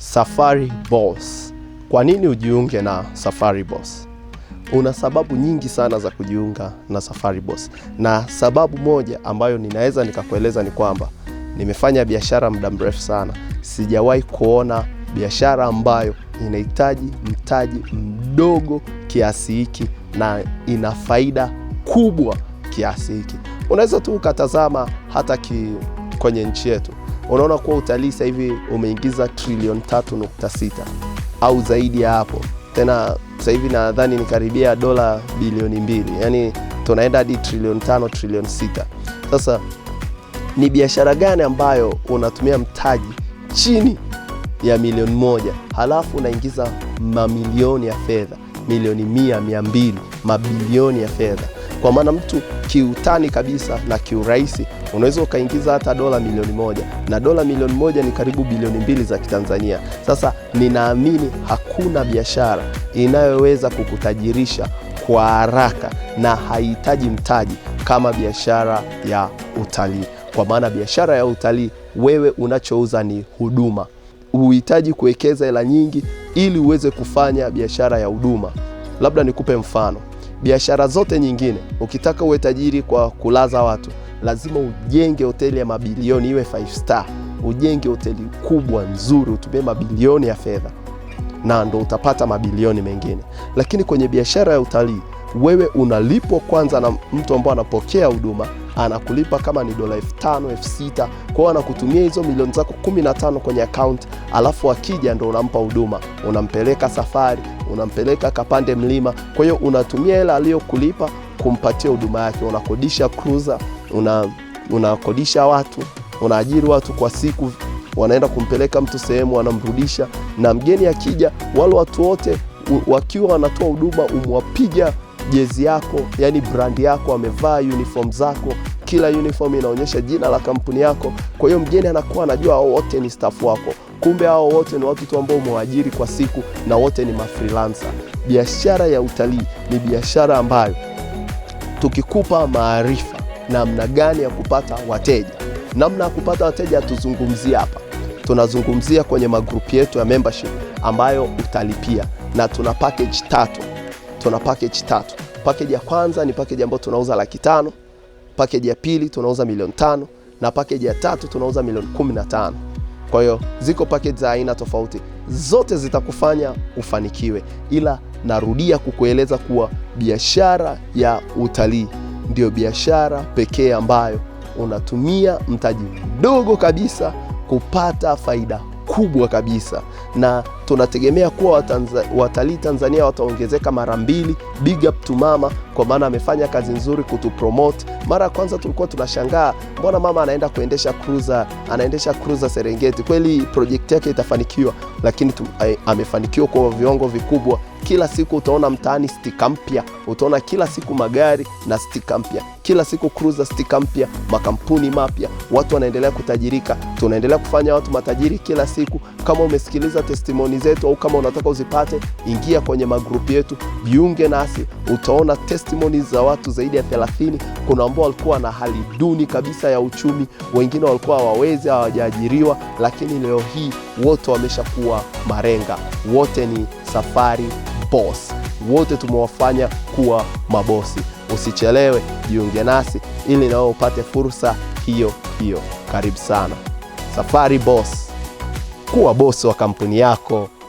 Safari Boss. Kwa nini ujiunge na Safari Boss? Una sababu nyingi sana za kujiunga na Safari Boss, na sababu moja ambayo ninaweza nikakueleza ni kwamba nimefanya biashara muda mrefu sana, sijawahi kuona biashara ambayo inahitaji mtaji mdogo kiasi hiki na ina faida kubwa kiasi hiki. Unaweza tu ukatazama hata ki, kwenye nchi yetu unaona kuwa utalii sasa hivi umeingiza trilioni 3.6 au zaidi ya hapo tena sasa hivi nadhani ni karibia dola bilioni mbili, yani tunaenda hadi trilioni tano trilioni sita. Sasa ni biashara gani ambayo unatumia mtaji chini ya milioni moja halafu unaingiza mamilioni ya fedha, milioni mia, mia mbili, mabilioni ya fedha? Kwa maana mtu kiutani kabisa na kiurahisi unaweza ukaingiza hata dola milioni moja, na dola milioni moja ni karibu bilioni mbili za Kitanzania. Sasa ninaamini hakuna biashara inayoweza kukutajirisha kwa haraka na haihitaji mtaji kama biashara ya utalii, kwa maana biashara ya utalii wewe unachouza ni huduma. Huhitaji kuwekeza hela nyingi ili uweze kufanya biashara ya huduma. Labda nikupe mfano biashara zote nyingine, ukitaka uwe tajiri kwa kulaza watu, lazima ujenge hoteli ya mabilioni iwe five star, ujenge hoteli kubwa nzuri, utumie mabilioni ya fedha na ndo utapata mabilioni mengine. Lakini kwenye biashara ya utalii wewe unalipwa kwanza na mtu ambaye anapokea huduma, anakulipa kama ni dola elfu tano elfu sita anakutumia hizo milioni zako 15 kwenye akaunti, alafu akija ndo unampa huduma, unampeleka safari, unampeleka kapande mlima. Kwa hiyo unatumia hela aliyokulipa kumpatia huduma yake. Unakodisha cruiser, una unakodisha watu, unaajiri watu kwa siku, wanaenda kumpeleka mtu sehemu, wanamrudisha. Na mgeni akija, wale watu wote wakiwa wanatoa huduma, umwapiga jezi yako, yani brandi yako, amevaa uniform zako kila uniform inaonyesha jina la kampuni yako. Kwa hiyo mgeni anakuwa anajua hao wote ni staff wako, kumbe hao wote ni watu ambao umewaajiri kwa siku na wote ni mafreelancer. Biashara ya utalii ni biashara ambayo tukikupa maarifa namna gani ya kupata wateja, namna ya kupata wateja hatuzungumzii hapa, tunazungumzia kwenye magrupu yetu ya membership ambayo utalipia, na tuna package tatu. Tuna package tatu. Package ya kwanza ni package ambayo tunauza laki tano package ya pili tunauza milioni tano na package ya tatu tunauza milioni 15. Kwa hiyo ziko package za aina tofauti, zote zitakufanya ufanikiwe, ila narudia kukueleza kuwa biashara ya utalii ndio biashara pekee ambayo unatumia mtaji mdogo kabisa kupata faida kubwa kabisa na tunategemea kuwa watalii Tanzania wataongezeka mara mbili. Big up to mama, kwa maana amefanya kazi nzuri kutupromote. Mara ya kwanza tulikuwa tunashangaa mbona mama anaenda kuendesha cruiser, anaendesha cruiser Serengeti. Kweli project yake itafanikiwa, lakini tu, ay, amefanikiwa kwa viwango vikubwa. Kila siku utaona mtaani stika mpya, utaona kila siku magari na stika mpya, kila siku cruiser stika mpya, makampuni mapya, watu wanaendelea kutajirika. Tunaendelea kufanya watu matajiri kila siku. Kama umesikiliza testimoni zetu, au kama unataka uzipate, ingia kwenye magrupu yetu, jiunge nasi. Utaona testimoni za watu zaidi ya 30. Kuna ambao walikuwa na hali duni kabisa ya uchumi, wengine walikuwa hawawezi, hawajaajiriwa, lakini leo hii wote wameshakuwa marenga, wote ni safari boss, wote tumewafanya kuwa mabosi. Usichelewe, jiunge nasi ili nawe upate fursa hiyo hiyo. Karibu sana Safari Boss kuwa bosi wa kampuni yako.